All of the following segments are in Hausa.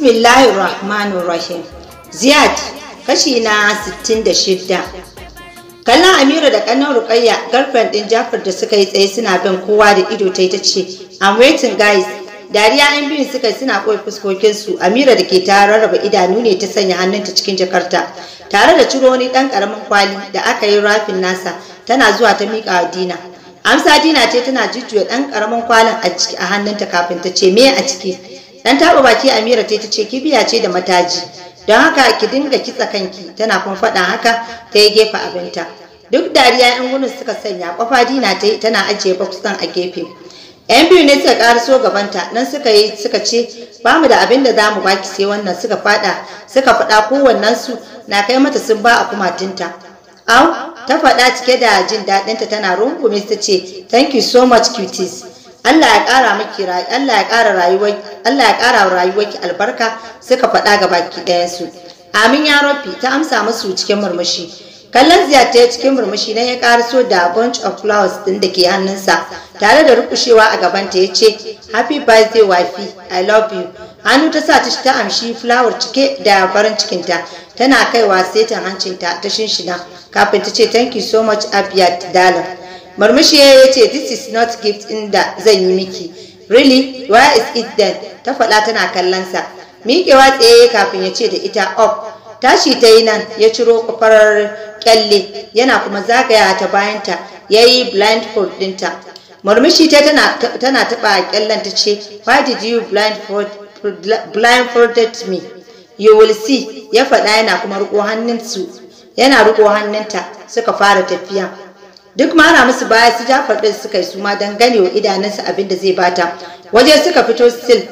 Bismillahir Rahmanir Rahim. Ziyad kashi na 66. Kallon Amira da kanan Rukayya girlfriend din Jafar da suka yi tsaye suna bin kowa da ido ta ta ce, "I'm waiting guys." Dariya yan biyun suka suna koyi fuskokin su. Amira da ke ta rarraba idanu ne ta sanya hannunta cikin jakarta, tare da ciro wani dan karamin kwali da aka yi rafin nasa, tana zuwa ta miƙa Dina. Amsa Dina ce tana jujjuya ɗan karamin kwalin a hannunta kafin ta ce, "Me a ciki?" dan taba baki Amira ta ce kibiya ce da mataji don haka ki dinga kitsa kanki tana kuma faɗa haka ta yi gefe abinta duk dariya yan gudun suka sanya kwafa dina ta tana ajiye bakusan a gefe yan biyu ne suka karaso gabanta nan suka yi suka ce ba mu da abin da za mu baki sai wannan suka faɗa suka faɗa kowannen su na kai mata sun ba a kumatinta au ta faɗa cike da jin daɗinta tana rungume ta ce thank you so much cuties Allah ya ƙara maki Allah ya ƙara rayuwar Allah ya ƙara rayuwarki albarka suka faɗa ga baki ɗaya su Amin ya Rabbi ta amsa musu cikin murmushi kallon ziyarce cikin murmushi na ya ƙara so da bunch of flowers din da ke hannunsa tare da rukushewa a gabanta ya ce happy birthday wafi i love you hannu ta sa ta ta amshi flower cike da farin ta tana kaiwa ta hancinta ta shinshina kafin ta ce thank you so much abiyat darling murmushi ya ce this is not gift in da zan yi miki really why is it then ta faɗa tana kallonsa miƙewa tsaye kafin ya ce da ita up tashi ta yi nan ya ciro kwafarar kyalle yana kuma zagaya ta bayanta ya yi blindfold ɗinta murmushi ta tana taɓa kyallen ta ce why did you blindfold, blindfolded me you will see ya faɗa yana kuma hannunsu, yana riƙo hannunta suka fara tafiya duk mara musu baya su jafar din suka yi suma ma don gane wa idanunsa abin da zai bata waje suka fito still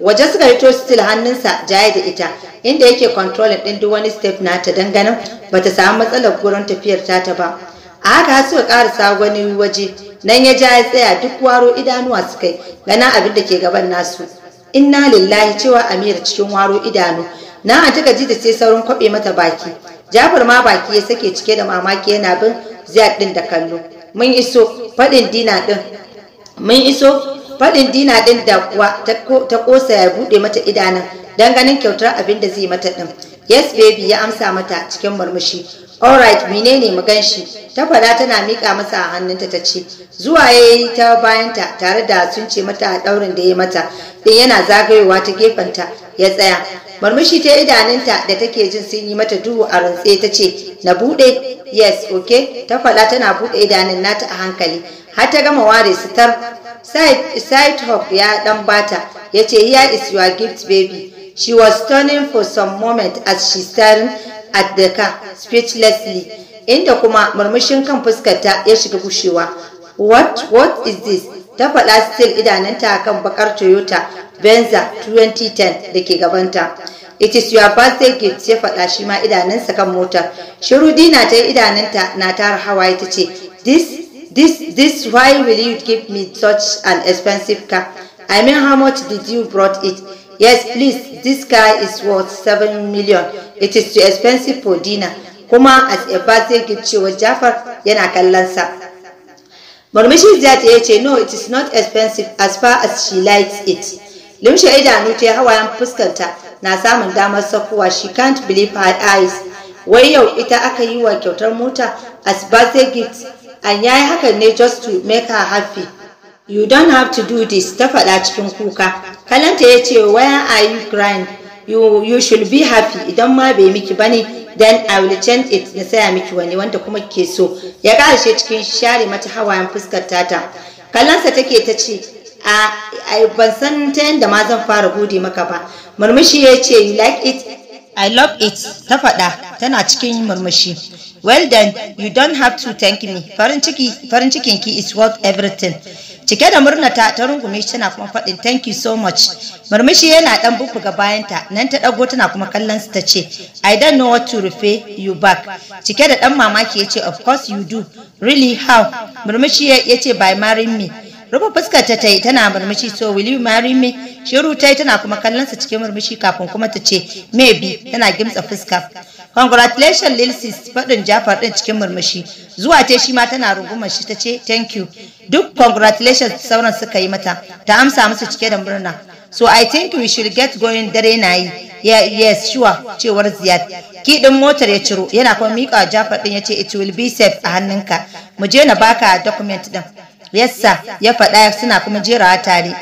waje suka fito still hannunsa jaye da ita inda yake controlling din duk wani step na ta don ganin bata samu matsalar gurin tafiyar ta ba a haka suka karasa wani waje nan ya ja ya tsaya duk waro idanuwa suka yi ganin abin da ke gaban nasu inna lillahi cewa amira cikin waro idanu na a ji da sai saurin kwaɓe mata baki jafar ma baki ya sake cike da mamaki yana bin ziyad din da kallo mun iso faɗin dina din mun iso faɗin dina din da kuwa ta kosa ya buɗe mata idanun don ganin kyautar abin da zai mata din yes baby ya amsa mata cikin murmushi alright menene mu gan shi ta fada tana miƙa masa a hannunta ta ce zuwa yayi ta bayanta tare da sun ce mata a ɗaurin da ya mata ɗin yana zagayowa ta gefenta ya tsaya marmushi ta idanunta da take jin sun yi mata duhu a rantse ta ce na buɗe yes ok ta fada tana buɗe idanun nata a hankali har ta gama ware su tar side hop ya dan bata ya ce here is your gift baby she was turning for some moment as she staring at the car speechlessly inda kuma murmushin kan fuskarta ya shiga gushewa what what is this ta faɗa still idananta kan bakar toyota benza 2010 da ke gabanta it is your birthday gift ya faɗa shi ma idanunsa kan motar shiru dina ta yi idanunta na tara hawa ita ce this this this why will you give me such an expensive car i mean how much did you brought it Yes, please, this guy is worth seven million. It is too expensive for dinner. Kuma as a birthday gift cewa Jafar yana kallonsa. Murmushi Ziyad ya ce, No, it is not expensive as far as she likes it. Limshe idanu ta hawayen fuskanta na samun damar sakuwa she can't believe her eyes. Wai yau ita aka yi wa kyautar mota as birthday gift and yayi haka ne just to make her happy. you don't have to do this ta faɗa cikin kuka kalanta ya ce where are you crying you, should be happy idan ma bai miki bane then I will change it na saya miki wani wanda kuma ke so ya ƙarshe cikin share mata hawayen fuskar tata kallonsa take ta ce a ban san ta yadda ma zan fara gode maka ba murmushi ya ce you like it I love it ta faɗa tana cikin murmushi well then you don't have to thank me farin ciki cikin ki is worth everything cike da murna ta ta rungume shi tana kuma faɗin thank you so much murmushi yana dan ga bayanta nan ta dago tana kuma kallon su ta ce i don't know what to refer you back cike da ɗan mamaki yace of course you do really how murmushi yace by marrying me rufe fuskar ta tayi tana murmushi so will you marry me shiru tayi tana kuma kallon sa cikin murmushi kafin kuma ta ce maybe tana gimsa fuska congratulations lil sis fadin Jafar din cikin murmushi zuwa ta shi ma tana rungumar shi ta ce thank you duk congratulations sauran suka yi mata ta amsa musu cike da murna so i think we should get going dare na yi yes sure cewar ziyad din motar ya ciro yana kuma mika jafar din ce it will be safe a hannunka mu je na baka document din Yassa ya faɗa suna kuma jerawa tare.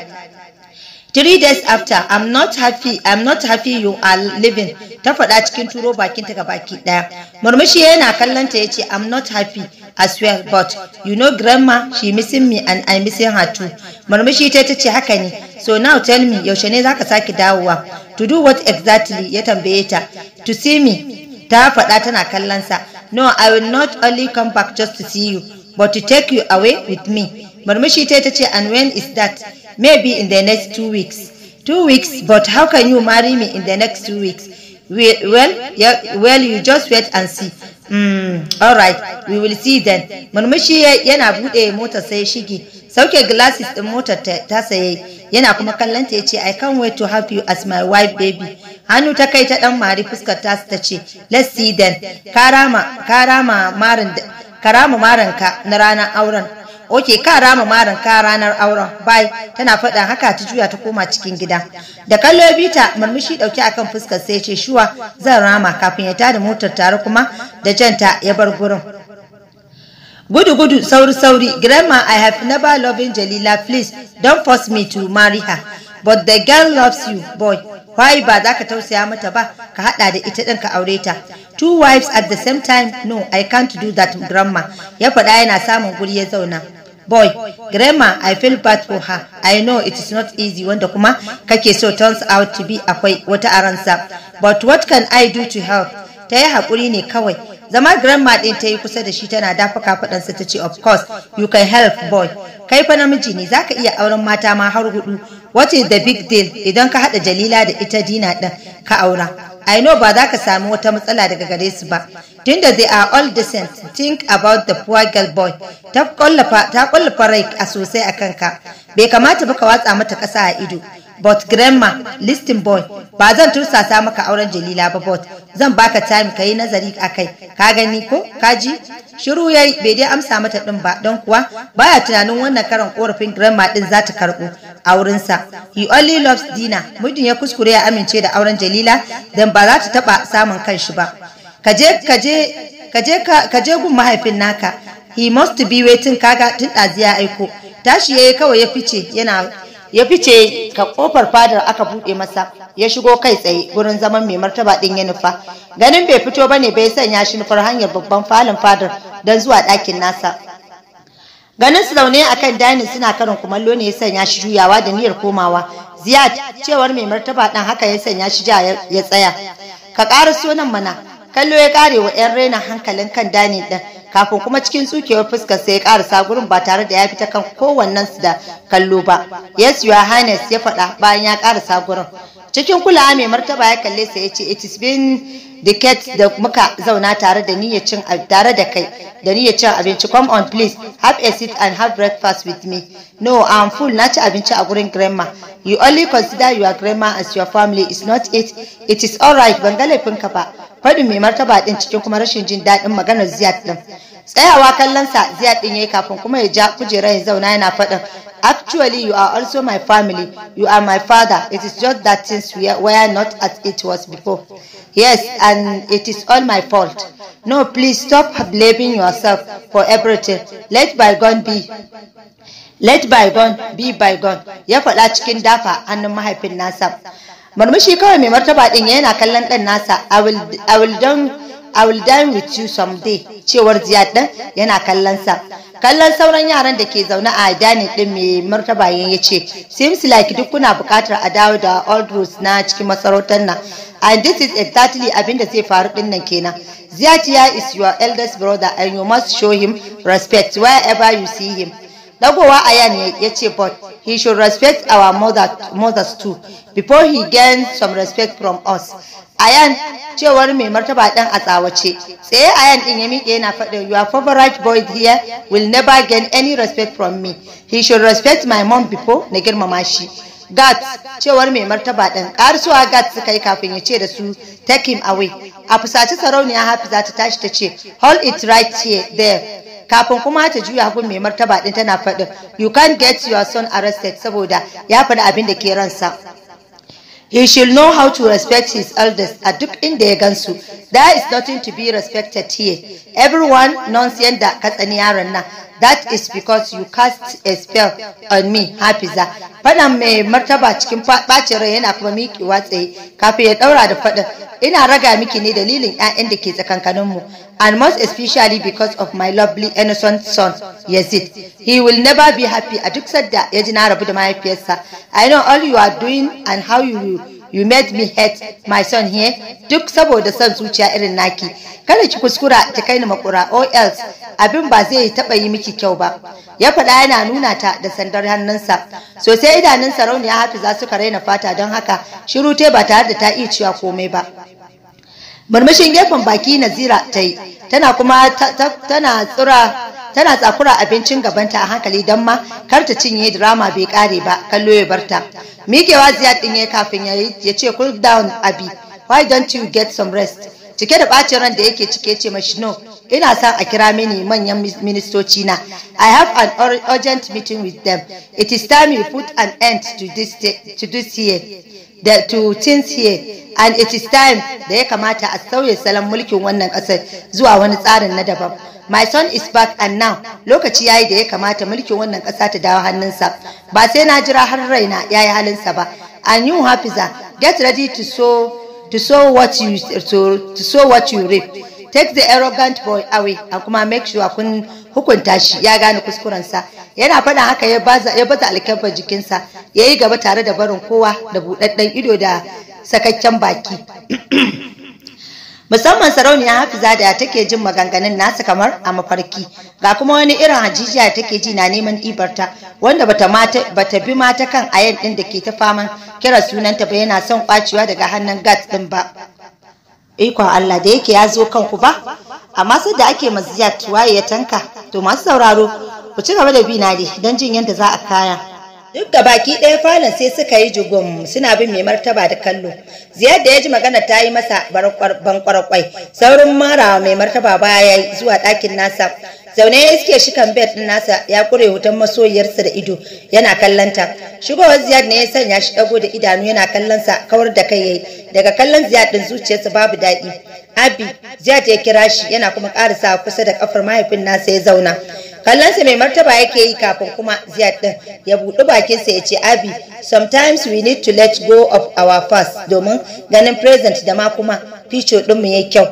Three days after, I'm not happy, I'm not happy you are living. Ta faɗa cikin turo bakinta ga baki ɗaya. Murmushi yana kallonta ya ce, I'm not happy as well, but you know grandma, she missing me and I missing her too. Murmushi ta ce haka ne. So now tell me, yaushe ne zaka sake dawowa? To do what exactly? Ya tambaye ta. To see me. Ta faɗa tana kallonsa. No, I will not only come back just to see you. but to take you away with me. Murmushi ta ce, and when is that? Maybe in the next two weeks. Two weeks, but how can you marry me in the next two weeks? Well, yeah, well, you just wait and see. Mm, all right, we will see then. Murmushi yana buɗe motar sai shige. Sauke glasses ɗin motar ta saye yana kuma kallon ta ce I can't wait to have you as my wife baby. Hannu ta kai ta ɗan mari fuskar ta ta ce let's see then. Karama karama marin ka rama maranka na ranar auren oke ka rama maranka ranar auren bai tana faɗa haka ta juya ta koma cikin gida da kallo bita murmushi ɗauke akan fuskar sai ce shuwa zan rama kafin ya tada motar tare kuma da janta ya bar gurin gudu gudu sauri sauri grandma i have never loving jalila please don't force me to marry her but the girl loves you boy why ba za ka tausaya mata ba ka hada da ita ɗin ka aure ta two wives at the same time no i can't do that grandma ya faɗa yana samun guri ya zauna boy grandma i feel bad for her i know it is not easy wanda kuma kake so turns out to be akwai wata aransa but what can i do to help ta yi haƙuri ne kawai zama grandma ɗin ta yi kusa da shi tana dafa kafaɗansa ta ce of course you can help boy kai fa namiji ne Za ka iya auren mata ma har hudu what is the big deal idan ka haɗa jalila da ita dina ɗin ka aura I know ba za ka sami wata matsala daga gare su ba. Tunda they are all decent, think about the poor girl boy. Ta kwallafa rai a sosai a kanka. Bai kamata ba ka watsa mata ƙasa a ido. but grandma listin boy ba zan tursasa maka auren jalila ba but zan baka time ka yi nazari a kai ka gani ko ka ji shiru yayi bai dai amsa mata din ba don kuwa baya tunanin wannan karan korafin grandma din za ta karbo a wurinsa he only loves dina Mudun ya kuskure ya amince da auren jalila dan ba za ta taba samun kanshi ba kaje kaje kaje kaje gun mahaifin naka he must be waiting kaga tun ɗaziya ya aiko tashi yayi kawai ya fice yana ya fice ka kofar fadar aka buɗe masa ya shigo kai tsaye gurin zaman mai martaba ɗin ya nufa ganin bai fito ba ne bai sanya shi nufar hanyar babban falon fadar don zuwa ɗakin nasa ganin su zaune a kan suna karin kumallo ne ya sanya shi juyawa da niyyar komawa ziyad cewar mai martaba ɗan haka ya sanya shi ja ya tsaya ka ƙara so nan mana kallo ya kare wa yan raina hankalin kan dani din kafin kuma cikin tsukewar fuskar sai ya karasa gurin ba tare da ya fita kan kowannen su da kallo ba yes your highness ya faɗa bayan ya karasa gurin cikin kulawa mai martaba ya kalle sa ce it is been decades da muka zauna tare da niyyar cin tare da kai da niyyar cin abinci come on please have a seat and have breakfast with me no i am full na ci abinci a gurin grandma you only consider your grandma as your family is not it it is all right ban ga laifinka ba fadin mai martaba din cikin kuma rashin jin daɗin maganar ziyad din tsayawa kallon sa ziyad din yayi kafin kuma ya ja kujerar ya zauna yana faɗin Actually, you are also my family. You are my father. It is just that things were, are not as it was before. Yes, and it is all my fault. No, please stop blaming yourself for everything. Let bygone be. Let bygone be bygone. Ya faɗa cikin dafa hannun mahaifin nasa. Murmushi kawai mai martaba ɗin yana kallon ɗan nasa. I will, I will don't I will dine with you someday cewar Ziyad din yana kallon sa kallon sauran yaran da ke zaune a dining din mai martaba yin yace seems like duk kuna buƙatar a dawo da old rules na cikin masarautar nan and this is exactly abin da zai faru din nan kenan Ziyad is your eldest brother and you must show him respect wherever you see him dagowa ayan ya ce but he should respect our mother, mothers too before he gains some respect from us ayan cewar mai martaba ɗan a tsawace tsaye ayan ɗin ya miƙe yana faɗin your favorite boy here will never gain any respect from me he should respect my mom before na girmama shi gat cewar mai martaba ɗin ƙarsuwa gat suka yi kafin ya ce da su take him away a fusaci sarauniya hafi za ta tashi ta ce hold it right here there kafin kuma ta juya gun mai martaba ɗin tana faɗin you can't get your son arrested saboda ya faɗi abin da ke ransa He should know how to respect his elders. A in the gansu. There is nothing to be respected here. Everyone, nonsense that katsani yaran that is because you cast a spell on me hafiza fadan mai martaba cikin bacin rai yana kuma miƙewa tsaye kafin ya daura da faɗin ina raga miki ne dalilin ƴaƴan da ke tsakankanin mu and most especially because of my lovely innocent son Yazid he will never be happy a duk sadda ya ji na rabu da mahaifiyarsa i know all you are doing and how you you made me hate my son here duk saboda son zuciya irin naki kada ki kuskura ki kai ni makura or else abin ba zai taba yi miki kyau ba ya faɗa yana nuna ta da sandar hannunsa sosai idanun sarauniya hafiza suka raina fata don haka shiru te ba tare da ta iya cewa komai ba murmushin gefen baki nazira ta yi tana kuma tana tsura tana tsakura abincin gabanta a hankali don ma kar ta cinye drama bai kare ba kallo ya barta mikewa ziyad din kafin ya ce cool down abi why don't you get some rest cike da bacin ran da yake cike ce mashi no ina son a kira mini manyan ministoci na i have an urgent meeting with them it is time you put an end to this, to this year da to here and it is time da ya kamata a sauya salon mulkin wannan ƙasar zuwa wani tsarin na daban my son is back and now lokaci yayi da ya kamata mulkin wannan ƙasa ta dawo hannunsa ba sai na jira har raina ya yi halinsa ba and you hafiza get ready to sow to sow what you to, to what you reap take the arrogant boy away and kuma make sure kun hukunta shi ya gane kuskurensa yana faɗa haka ya baza ya baza alkafar jikinsa ya yi gaba tare da barin kowa da buɗaɗɗen ido da sakakken baki musamman sarauniya hafiza da take jin maganganun nasa kamar a mafarki ga kuma wani irin hajijiya take ji na neman ibarta, wanda bata mata bata bi mata kan ayan ɗin da ke ta faman kira sunanta ba yana son kwacewa daga hannun gat din ba ikon Allah da yake ya zo kanku ba amma sai da ake maziyat waye ya tanka to masu sauraro ku ci gaba da bi na don jin yadda za a kaya duk da baki ɗaya falon sai suka yi jugum suna bin mai martaba da kallo ziyar da ya ji magana ta yi masa bankwarkwai saurin mara mai martaba baya zuwa ɗakin nasa zaune ya iske shi kan bed nasa ya kure hoton masoyiyarsa da ido yana kallonta shigowar ziyad ne ya sanya shi ɗago da idanu yana kallonsa kawar da kai yayi daga kallon ziyad din zuciyarsa babu daɗi abi ziyad ya kira shi yana kuma sa kusa da kafar mahaifin nasa ya zauna kallonsa mai martaba yake yi kafin kuma ziyad din ya buɗi bakinsa ya ce abi sometimes we need to let go of our past domin ganin present da ma kuma ɗin ɗinmu ya kyau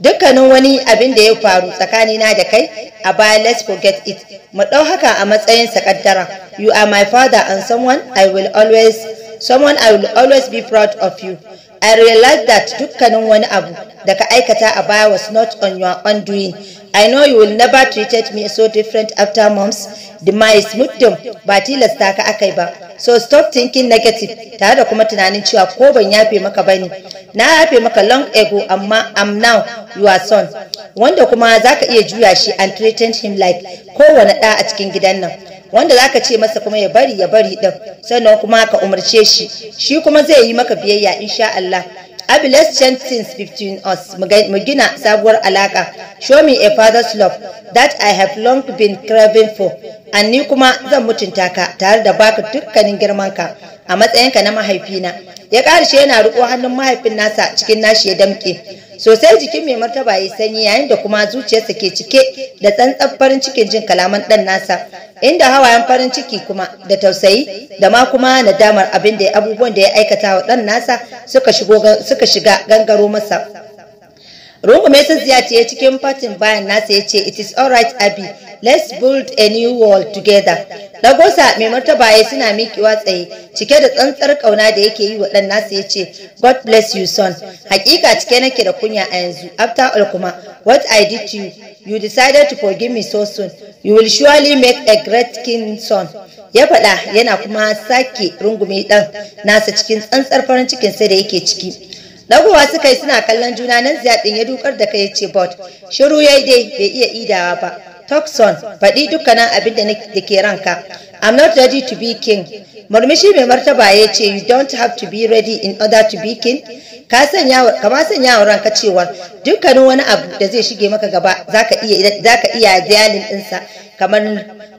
dukkanin wani abin da ya faru tsakanina da kai a baya let's forget it mu ɗau haka a matsayin sakaddara you are my father and someone i will always someone i will always be proud of you I realized that dukkanin wani abu da ka aikata a baya was not on your undoing I know you will never treated me so different after mom's demise muddin ba tilasta ka akai ba so stop thinking negative tare da kuma tunanin cewa ko ban yafe maka bane na yafe maka long ago amma am now your son wanda kuma zaka iya juya shi and treat him like kowane ɗa a cikin gidan nan wanda zaka ce masa kuma ya bari ya bari din sannan kuma ka umarce shi shi kuma zai yi maka biyayya insha Allah Abel's since between us, Mugina Sabuwar Alaka, show me a father's love that I have long been craving for. anni kuma zan mutunta ka tare da baka dukkanin girmanka a matsayinka na mahaifina ya karshe yana riko hannun mahaifin nasa cikin nashi ya damke sosai jikin mai martaba ya sanyi yayin da kuma zuciyarsa ke cike da tsantsan farin cikin jin kalaman ɗan nasa inda hawayen farin ciki kuma da tausayi da ma kuma nadamar abin da abubuwan da ya aikata wa dan nasa suka shiga gangaro masa Rungume tsintsiya ce cikin fatin bayan nasa ya ce it is alright Abi let's build a new world together. Lagosa mai martaba ya suna mikiwa tsaye cike da tsantsar kauna da yake yi wa ɗan nasa ya ce God bless you son. Hakika cike nake da kunya a yanzu after all kuma what I did to you you decided to forgive me so soon you will surely make a great king son. Ya faɗa yana kuma sake rungume ɗan nasa cikin tsantsar farin sai da yake ciki. dagowa suka yi suna kallon juna nan ziyad ya dukar da kai ya ce bot shiru yayi dai bai iya idawa ba Tokson, faɗi dukkanin abin da ke ranka. I'm not ready to be king. Murmushi mai martaba ya ce, You don't have to be ready in order to be king. Ka sanya kama sanya wa ranka cewa dukkanin wani abu da zai shige maka gaba zaka iya zaka iya diyalin ɗinsa kamar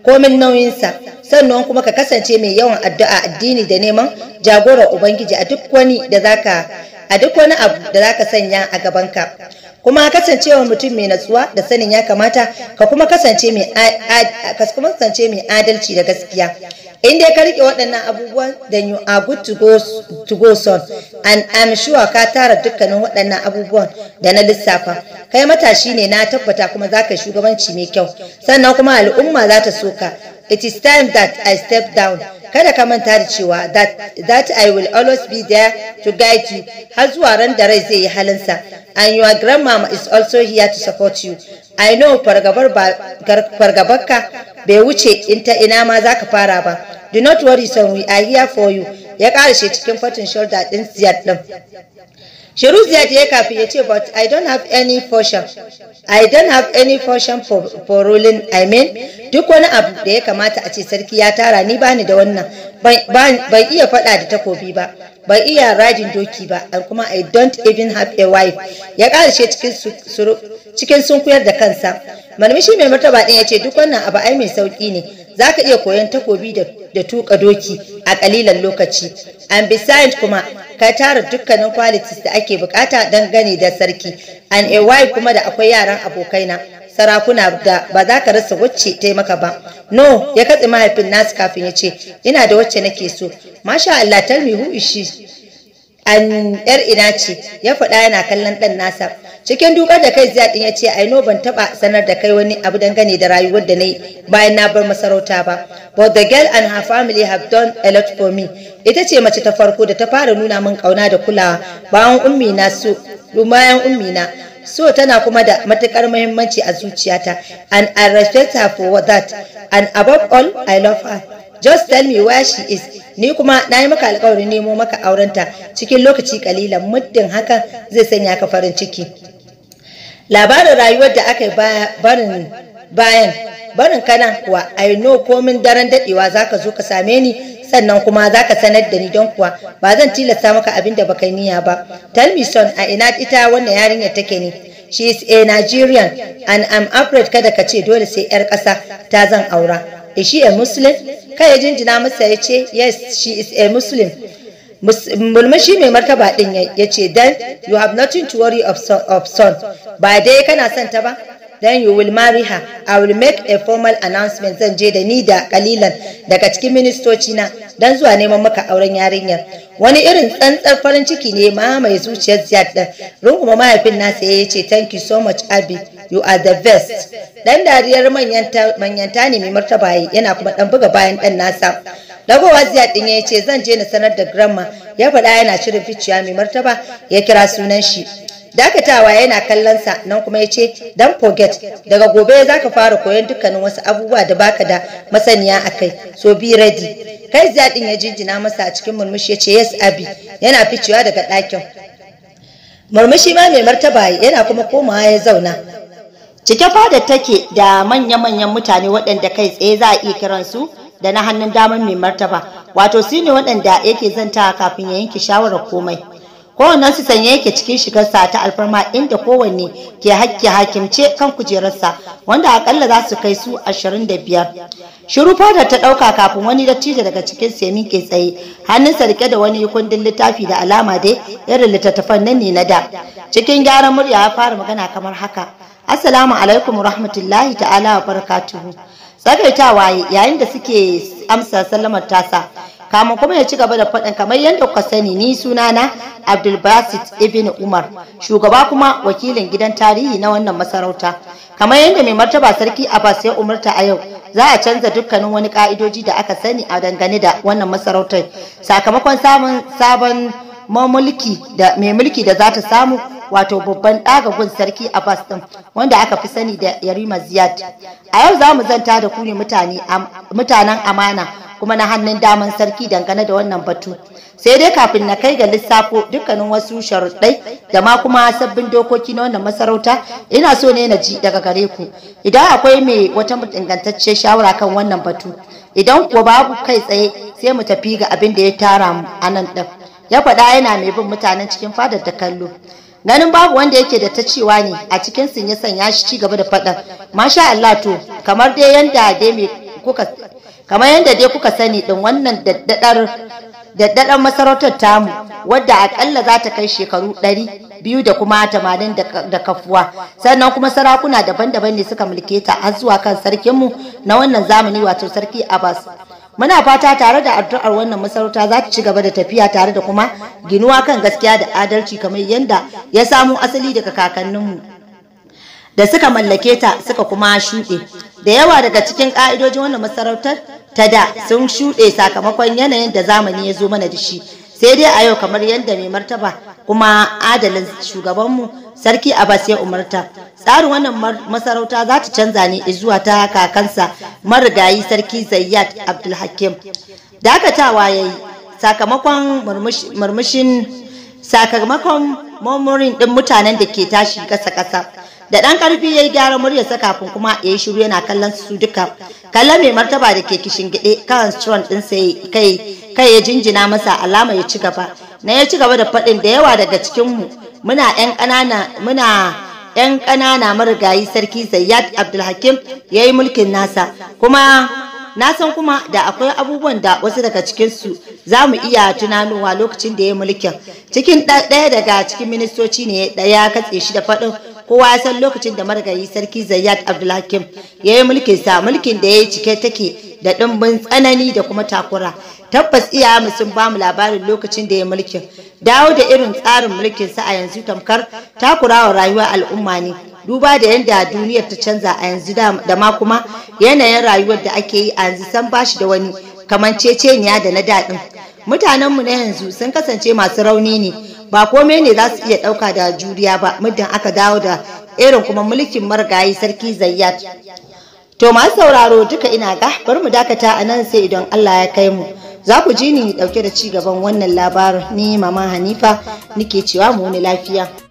komin nauyinsa sannan kuma ka kasance mai yawan addu'a addini da neman jagorar ubangiji a duk wani da zaka a duk wani abu da za ka sanya a gabanka kuma kasancewa mutum mai natsuwa da sanin ya kamata ka kuma kasance mai adalci da gaskiya in dai ka rike waɗannan abubuwan then you are good to go, to go son and I'm sure ka tara dukkanin waɗannan abubuwan da na lissafa kai matashi ne na tabbata kuma zaka shugabanci mai kyau sannan kuma al'umma za ta so ka. it is time that I step down kada ka manta da cewa that, I will always be there to guide you har zuwa ran da rai zai yi halinsa and your grandmama is also here to support you I know fargabarka bai wuce in ta ina ma za ka fara ba do not worry son we are here for you ya ƙarashe cikin fatin shoulder ɗin ziyar ɗin ya kafin ya ce, but I don't have any portion. I don't have any portion for, for ruling, I mean, duk wani abu da ya kamata a ce sarki ya tara ni bani da wannan, ban iya faɗa da takobi ba, ban iya rajin doki ba, and kuma I don't even have a wife. Ya ƙarshe cikin sunkuyar da kansa. Malmishi mai martaba ɗin ya ce, duk wannan abu ai mai sauƙi ne, za ka iya koyon takobi da tuka doki a kalilan lokaci and besides kuma ka tara dukkanin kwalitis da ake bukata don gani da sarki An a kuma da akwai yaran abokaina sarakuna da ba za ka rasa wacce ta maka ba no ya katse mahaifin nasu kafin ya ce ina da wacce nake so masha Allah tell me who is an yar ina ce ya faɗa yana kallon ɗan nasa cikin dukar da kai ɗin ya ce aino ban taɓa sanar da kai wani abu dangane da rayuwar da na yi bayan na bar masarauta ba but the girl and her family have done a lot for me ita ce mace ta farko da ta fara nuna min ƙauna da kulawa bayan ummi na su lumayan ummi na so tana kuma da matukar muhimmanci a zuciyata and I respect her for that and above all I love her Just tell me where she is. Ni kuma na yi maka alkawarin nemo maka aurenta cikin lokaci kalilan muddin hakan zai sanya ka farin ciki. Labarin rayuwar da aka yi barin bayan barin kana kuwa I know komin daren dadewa zaka zo ka same ni sannan kuma zaka sanar da ni don kuwa ba zan tilasta maka abin da baka niyya ba. Tell me son a ina ita wannan yarinyar take ne. She is a Nigerian and I'm afraid kada ka ce dole sai 'yar ƙasa ta zan aura. is e, she a muslim kai ya jinjina masa ya ce yes she is a muslim mulmushi mai martaba din yace, ce then you have nothing to worry of son ba dai kana son ta ba then you will marry her i will make a formal announcement zan je da ni da kalilan daga cikin ministoci na dan zuwa neman maka auren yarinyar wani irin tsantsar farin ciki ne ma mai zuciyar ziyad din rungume mahaifin nasa ya ce thank you so much abi you are the best dan dariyar manyanta ne mai martaba yana kuma dan buga bayan dan nasa dagowa ziyad din ya ce zan je na sanar da grandma ya faɗa yana shirin ficiya mai martaba ya kira sunan shi dakatawa yana kallonsa, nan kuma ya ce, dan forget daga gobe za ka fara koyon dukkanin wasu abubuwa da baka da masaniya a kai, so be ready kai zadin ya jinjina masa a cikin murmushi ya ce yes abi yana ficewa daga ɗakin murmushi ma mai martaba yana kuma komawa ya zauna cike fadar take da manya-manyan mutane waɗanda kai tsaye za a iya kiransu da na hannun damar mai martaba wato su ne waɗanda yake zanta kafin ya yanke shawarar komai su sanye yake cikin shigarsa ta alfarma inda kowanne ke hakki hakimce kan kujerarsa wanda akalla za su kai su ashirin da biyar shiru fadar ta ɗauka kafin wani dattijo daga cikin su ya tsaye hannunsa rike da wani kundin littafi da alama dai irin littattafan nan ne na da cikin gyaran murya ya fara magana kamar haka assalamu alaikum rahmatullahi ta'ala wa barakatuhu tsagaitawa yayin da suke amsa sallamar tasa kamun kuma ya ci gaba da faɗin kamar yadda kuka sani ni sunana Abdulbasit Ibn Umar shugaba kuma wakilin gidan tarihi na wannan masarauta kamar yadda mai martaba sarki Abbas ya umarta a yau za a canza dukkanin wani ka'idoji da aka sani a dangane da wannan masarautar sakamakon samun sabon mamulki da mai mulki da za ta samu wato babban ɗagagun sarki Abbas ɗin wanda aka fi sani da Yarima Ziyad. A yau za mu zanta da ku mutanen amana kuma na hannun daman sarki dangane da wannan batu. Sai dai kafin na kai ga lissafo dukkanin wasu sharuɗai da ma kuma sabbin dokoki na wannan masarauta ina so ne na ji daga gare ku. Idan akwai mai wata ingantacciyar shawara kan wannan batu. Idan kuwa babu kai tsaye sai mu tafi ga abin da ya tara mu a nan ɗin. ya faɗa yana mai bin mutanen cikin fadar da kallo ganin babu wanda yake da ta cewa ne a cikin sun ya sanya shi ci gaba da faɗan masha Allah to kamar dai yanda dai me kuka kamar yanda dai kuka sani din wannan daddadar daddadar masarautar tamu wadda akalla za ta kai shekaru ɗari biyu da kuma tamanin da kafuwa sannan kuma sarakuna daban-daban ne suka mulke ta har zuwa kan sarkinmu na wannan zamani wato sarki abbas muna fata tare da addu'ar wannan masarauta za ta ci gaba da tafiya tare da kuma ginuwa kan gaskiya da adalci kamar yadda ya samu asali daga kakanninmu da suka mallake ta suka kuma shuɗe da yawa daga cikin ƙa'idojin wannan masarautar ta da sun shuɗe sakamakon yanayin da zamani ya zo mana da shi sai dai a yau kamar yadda mai martaba kuma adalin shugabanmu sarki abbas ya umarta tsarin wannan masarauta za ta canza ne zuwa ta kakansa marigayi sarki zayyad abdulhakim dakatawa ya yi sakamakon murmushin sakamakon murmurin ɗin mutanen da ke tashi kasa-kasa? da ɗan karfi ya yi gyaran sa kafin kuma ya yi shiru yana kallon su duka kallon mai martaba da ke kishin gide kan strong ɗin sai kai ya jinjina masa alama ya ci gaba na ya ci gaba da faɗin da yawa daga cikinmu muna 'yan ƙanana muna 'yan ƙanana marigayi sarki zayyad abdulhakim ya yi mulkin nasa kuma na san kuma da akwai abubuwan da wasu daga cikinsu za mu iya tunanowa lokacin da ya mulkin cikin ɗaya daga cikin ministoci ne ya katse shi da faɗin kowa ya san lokacin da marigayi sarki zayyad abdulhakim ya yi mulkin sa, mulkin da ya yi cike take da ɗimbin tsanani da kuma takura tabbas iyayenmu sun bamu labarin lokacin da ya mulkin dawo da irin tsarin mulkin sa a yanzu tamkar takurawa rayuwar al'umma ne duba da yadda duniyar ta canza a yanzu da ma kuma yanayin rayuwar da ake yi a yanzu san bashi da wani kamar kamanceceniya da na daɗin mutanenmu na yanzu sun kasance masu rauni ne ba komai ne za su iya ɗauka da juriya ba muddin aka dawo da irin kuma mulkin marigayi sarki zayyat to masu sauraro duka ina ga bari mu dakata a nan sai idan allah ya kai mu za ku ji ni dauke da ci gaban wannan labarin ni mama hanifa nike cewa mu wani lafiya